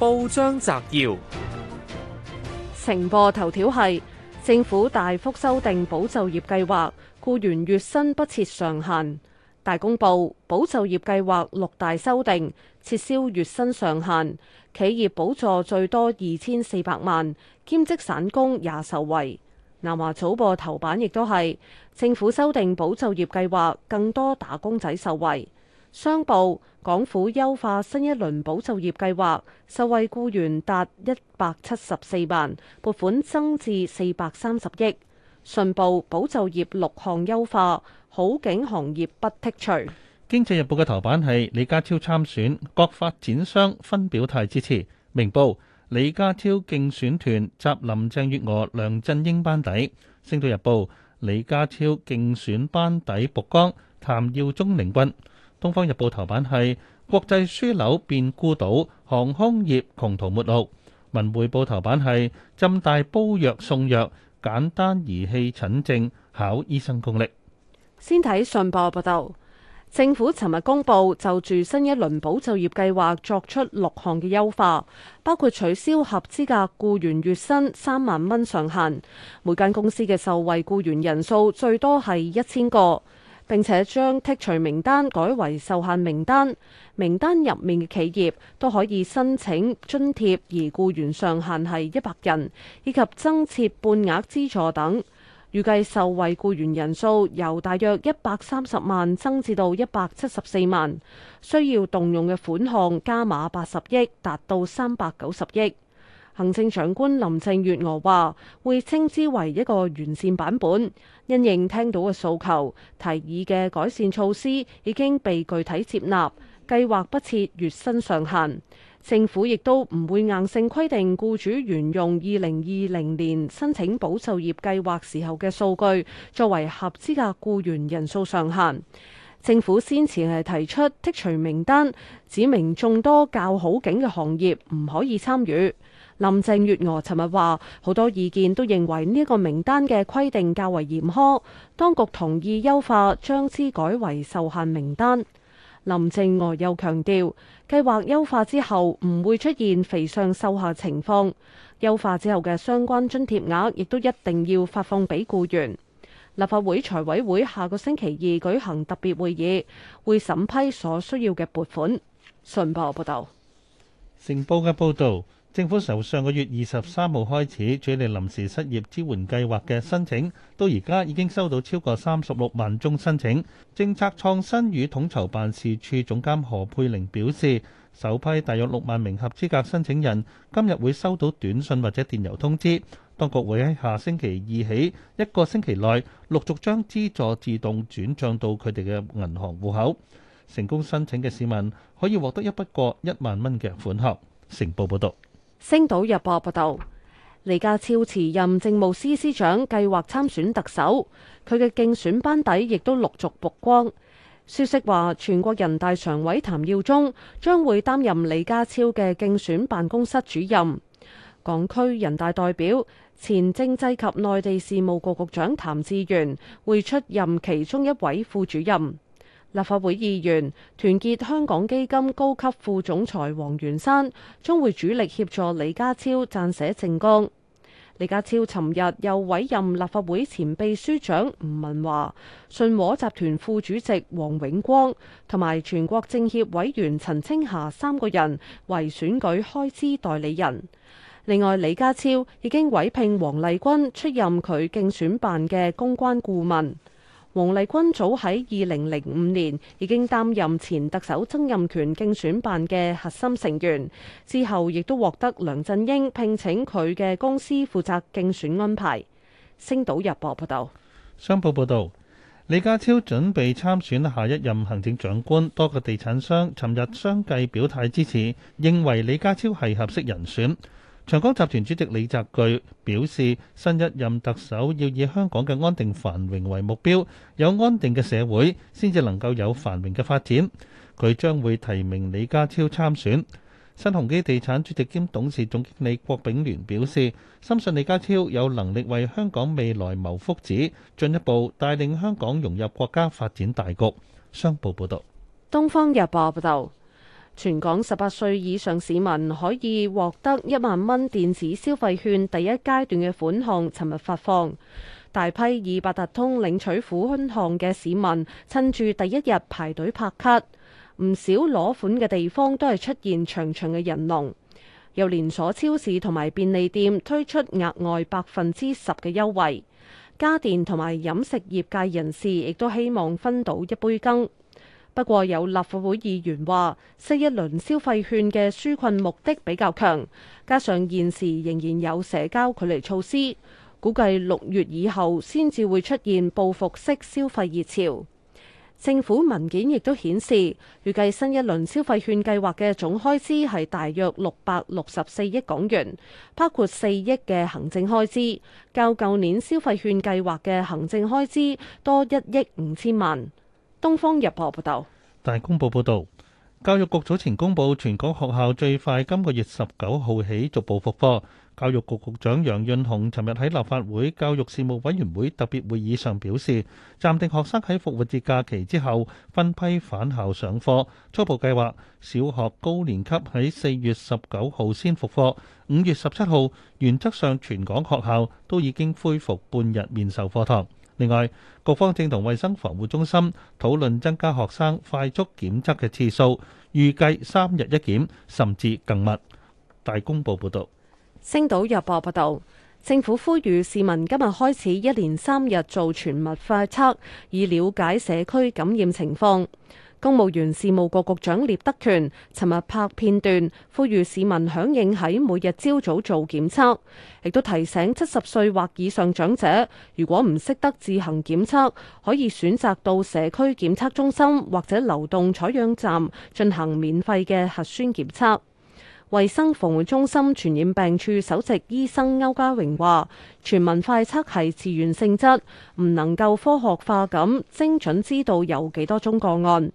報章摘要：情報頭條係政府大幅修訂保就業計劃，僱員月薪不設上限。大公報保就業計劃六大修訂，撤銷月薪上限，企業補助最多二千四百萬，兼職散工也受惠。南華早報頭版亦都係政府修訂保就業計劃，更多打工仔受惠。商報港府優化新一輪保就業計劃，受惠雇員達一百七十四萬，撥款增至四百三十億。信報保就業六項優化，好景行業不剔除。經濟日報嘅頭版係李家超參選，各發展商分表態支持。明報李家超競選團集林鄭月娥、梁振英班底。星島日報李家超競選班底曝光，譚耀宗領軍。《東方日報》頭版係國際樞紐變孤島，航空業窮途末路。《文匯報》頭版係浸大煲藥送藥，簡單儀器診症，考醫生功力。先睇信報報道，政府尋日公布就住新一輪保就業計劃作出六項嘅優化，包括取消合資格僱員月薪三萬蚊上限，每間公司嘅受惠僱員人數最多係一千個。並且將剔除名單改為受限名單，名單入面嘅企業都可以申請津貼，而僱員上限係一百人，以及增設半額資助等。預計受惠僱員人數由大約一百三十萬增至到一百七十四萬，需要動用嘅款項加碼八十億，達到三百九十億。行政長官林鄭月娥話，會稱之為一個完善版本。因應聽到嘅訴求，提議嘅改善措施已經被具體接納，計劃不設月薪上限。政府亦都唔會硬性規定僱主沿用二零二零年申請保就業計劃時候嘅數據作為合資格僱員人數上限。政府先前係提出剔除名單，指明眾多較好景嘅行業唔可以參與。林鄭月娥尋日話，好多意見都認為呢個名單嘅規定較為嚴苛，當局同意優化，將之改為受限名單。林鄭月娥又強調，計劃優化之後唔會出現肥上瘦下情況。優化之後嘅相關津貼額亦都一定要發放俾僱員。立法會財委會下個星期二舉行特別會議，會審批所需要嘅撥款。信報報道。成報嘅報道。政府就上個月二十三號開始處理臨時失業支援計劃嘅申請，到而家已經收到超過三十六萬宗申請。政策創新與統籌辦事處總監何佩玲表示，首批大約六萬名合資格申請人今日會收到短信或者電郵通知。當局會喺下星期二起一個星期內陸續將資助自動轉賬到佢哋嘅銀行戶口。成功申請嘅市民可以獲得一筆過一萬蚊嘅款項。成報報道。星島日報報道，李家超辭任政務司司長，計劃參選特首。佢嘅競選班底亦都陸續曝光。消息話，全國人大常委譚耀宗將會擔任李家超嘅競選辦公室主任，港區人大代表、前政制及內地事務局局長譚志源會出任其中一位副主任。立法會議員、團結香港基金高級副總裁黃元山將會主力協助李家超撰寫政綱。李家超尋日又委任立法會前秘書長吳文華、信和集團副主席黃永光同埋全國政協委員陳清霞三個人為選舉開支代理人。另外，李家超已經委聘黃麗君出任佢競選辦嘅公關顧問。黃麗君早喺二零零五年已經擔任前特首曾蔭權競選辦嘅核心成員，之後亦都獲得梁振英聘請佢嘅公司負責競選安排。星島日報報道，商報報道，李家超準備參選下一任行政長官，多個地產商尋日相繼表態支持，認為李家超係合適人選。長江集團主席李澤钜表示，新一任特首要以香港嘅安定繁榮為目標，有安定嘅社會先至能夠有繁榮嘅發展。佢將會提名李家超參選。新鴻基地產主席兼董事總經理郭炳聯表示，深信李家超有能力為香港未來謀福祉，進一步帶領香港融入國家發展大局。商報報道，東方日報報道。全港十八歲以上市民可以獲得一萬蚊電子消費券，第一階段嘅款項，尋日發放。大批以八達通領取款項嘅市民，趁住第一日排隊拍卡，唔少攞款嘅地方都係出現長長嘅人龍。有連鎖超市同埋便利店推出額外百分之十嘅優惠，家電同埋飲食業界人士亦都希望分到一杯羹。不過有立法會議員話，新一輪消費券嘅紓困目的比較強，加上現時仍然有社交距離措施，估計六月以後先至會出現報復式消費熱潮。政府文件亦都顯示，預計新一輪消費券計劃嘅總開支係大約六百六十四億港元，包括四億嘅行政開支，較舊年消費券計劃嘅行政開支多一億五千萬。東方日報報道，大公報報道，教育局早前公布，全港學校最快今個月十九號起逐步復課。教育局局長楊潤雄尋日喺立法會教育事務委員會特別會議上表示，暫定學生喺復活節假期之後分批返校上課。初步計劃，小學高年級喺四月十九號先復課，五月十七號，原則上全港學校都已經恢復半日面授課堂。另外，局方正同衛生防護中心討論增加學生快速檢測嘅次數，預計三日一檢甚至更密。大公報報導，星島日報報導，政府呼籲市民今日開始一連三日做全密快測，以了解社區感染情況。公務員事務局局長聶德權尋日拍片段，呼籲市民響應喺每日朝早做檢測，亦都提醒七十歲或以上長者，如果唔識得自行檢測，可以選擇到社區檢測中心或者流動採樣站進行免費嘅核酸檢測。衛生防護中心傳染病處首席醫生歐家榮話：全民快測係自願性質，唔能夠科學化咁精準知道有幾多宗個案。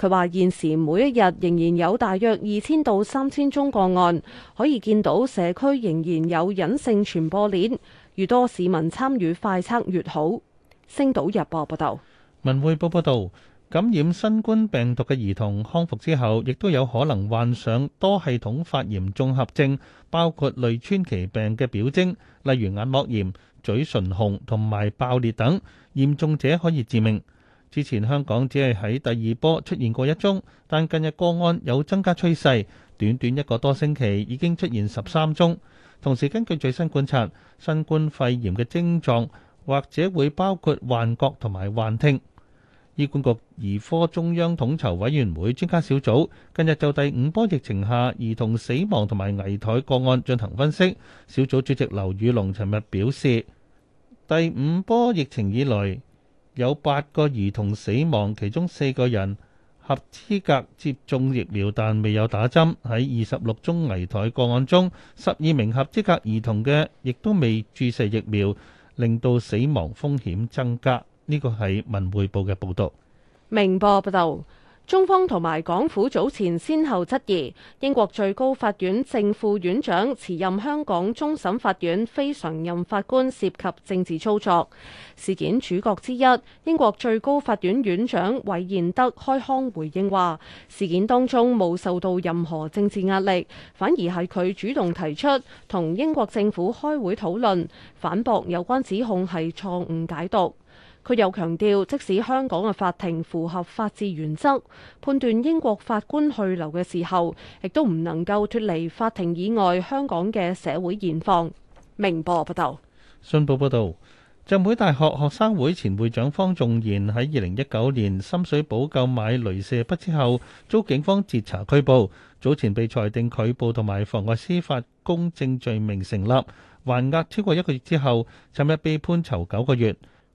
佢話現時每一日仍然有大約二千到三千宗個案，可以見到社區仍然有隱性傳播鏈，越多市民參與快測越好。星島日報報道，文匯報報道。感染新冠病毒嘅兒童康復之後，亦都有可能患上多系統發炎綜合症，包括類川崎病嘅表徵，例如眼膜炎、嘴唇紅同埋爆裂等。嚴重者可以致命。之前香港只係喺第二波出現過一宗，但近日個案有增加趨勢，短短一個多星期已經出現十三宗。同時根據最新觀察，新冠肺炎嘅症狀或者會包括幻覺同埋幻聽。醫管局兒科中央統籌委員會專家小組近日就第五波疫情下兒童死亡同埋危殆個案進行分析。小組主席劉宇龍尋日表示，第五波疫情以來有八個兒童死亡，其中四個人合資格接種疫苗但未有打針。喺二十六宗危殆個案中，十二名合資格兒童嘅亦都未注射疫苗，令到死亡風險增加。呢個係《文匯報》嘅報導。明報報道，中方同埋港府早前先後質疑英國最高法院正副院長辭任香港終審法院非常任法官，涉及政治操作。事件主角之一英國最高法院院長韋賢德開腔回應話：事件當中冇受到任何政治壓力，反而係佢主動提出同英國政府開會討論，反駁有關指控係錯誤解讀。佢又強調，即使香港嘅法庭符合法治原則，判斷英國法官去留嘅時候，亦都唔能夠脱離法庭以外香港嘅社會現況。明報報道：「信報報道，浸會大學學生會前會長方仲賢喺二零一九年深水埗購買雷射筆之後，遭警方截查拘捕。早前被裁定拒捕同埋妨礙司法公正罪名成立，還押超過一個月之後，尋日被判囚九個月。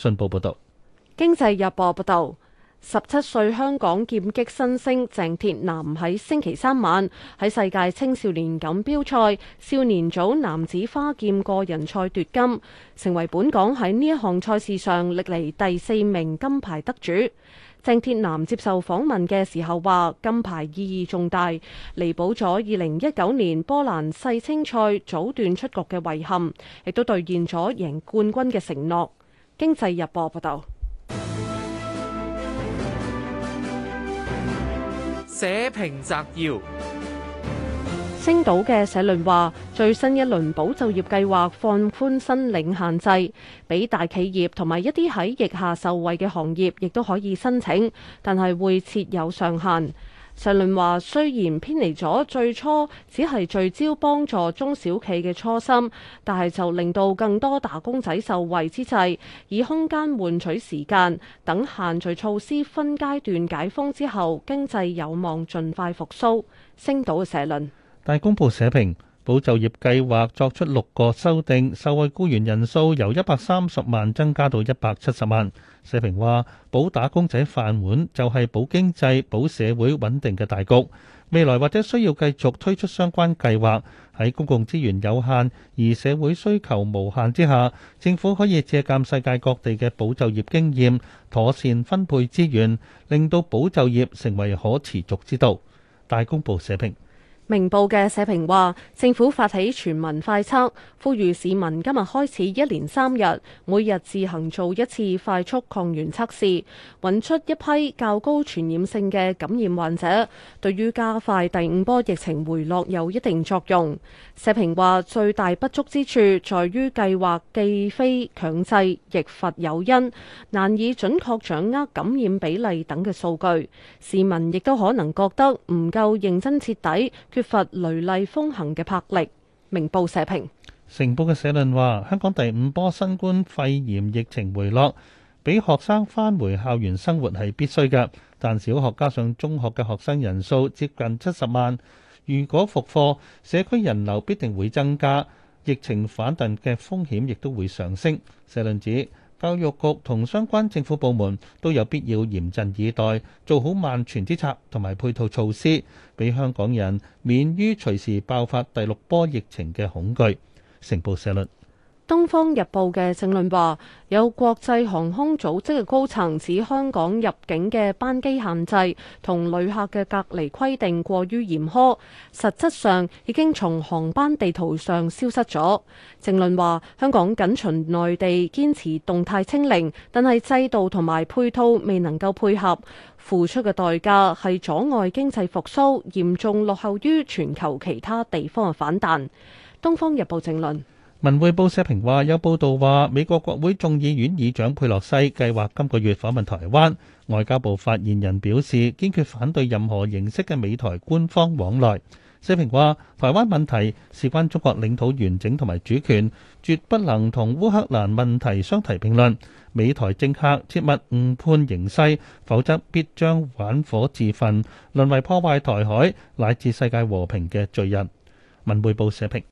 信報報導，《經濟日報》報導，十七歲香港劍擊新星鄭鐵南喺星期三晚喺世界青少年錦標賽少年組男子花劍個人賽奪金，成為本港喺呢一項賽事上歷嚟第四名金牌得主。鄭鐵南接受訪問嘅時候話，金牌意義重大，彌補咗二零一九年波蘭世青賽早段出局嘅遺憾，亦都兌現咗贏冠軍嘅承諾。經濟日報報道，社評摘要：星島嘅社論話，最新一輪保就業計劃放寬申領限制，俾大企業同埋一啲喺疫下受惠嘅行業，亦都可以申請，但係會設有上限。社論話，雖然偏離咗最初只係聚焦幫助中小企嘅初心，但係就令到更多打工仔受惠之際，以空間換取時間，等限聚措施分階段解封之後，經濟有望盡快復甦。星島嘅社論，大公報社評。保就業計劃作出六個修訂，受惠僱員人數由一百三十萬增加到一百七十萬。社評話：保打工仔飯碗就係保經濟、保社會穩定嘅大局。未來或者需要繼續推出相關計劃。喺公共資源有限而社會需求無限之下，政府可以借鑑世界各地嘅保就業經驗，妥善分配資源，令到保就業成為可持續之道。大公報社評。明報嘅社評話，政府發起全民快測，呼籲市民今日開始一連三日，每日自行做一次快速抗原測試，搵出一批較高傳染性嘅感染患者，對於加快第五波疫情回落有一定作用。社評話，最大不足之處在於計劃既非強制，亦乏誘因，難以準確掌握感染比例等嘅數據，市民亦都可能覺得唔夠認真徹底。缺乏雷厲風行嘅魄力，明報社評。成報嘅社論話：香港第五波新冠肺炎疫情回落，俾學生返回校園生活係必須嘅。但小學加上中學嘅學生人數接近七十萬，如果復課，社區人流必定會增加，疫情反彈嘅風險亦都會上升。社論指。教育局同相關政府部門都有必要嚴陣以待，做好萬全之策同埋配套措施，俾香港人免於隨時爆發第六波疫情嘅恐懼。成報社論。《東方日報》嘅政論話：有國際航空組織嘅高層指香港入境嘅班機限制同旅客嘅隔離規定過於嚴苛，實質上已經從航班地圖上消失咗。政論話：香港僅循內地堅持動態清零，但係制度同埋配套未能夠配合，付出嘅代價係阻礙經濟復甦，嚴重落後於全球其他地方嘅反彈。《東方日報》政論。文匯報社評話，有報道話，美國國會眾議院議長佩洛西計劃今個月訪問台灣。外交部發言人表示，堅決反對任何形式嘅美台官方往來。社評話，台灣問題事關中國領土完整同埋主權，絕不能同烏克蘭問題相提並論。美台政客切勿誤判形勢，否則必將玩火自焚，淪為破壞台海乃至世界和平嘅罪人。文匯報社評。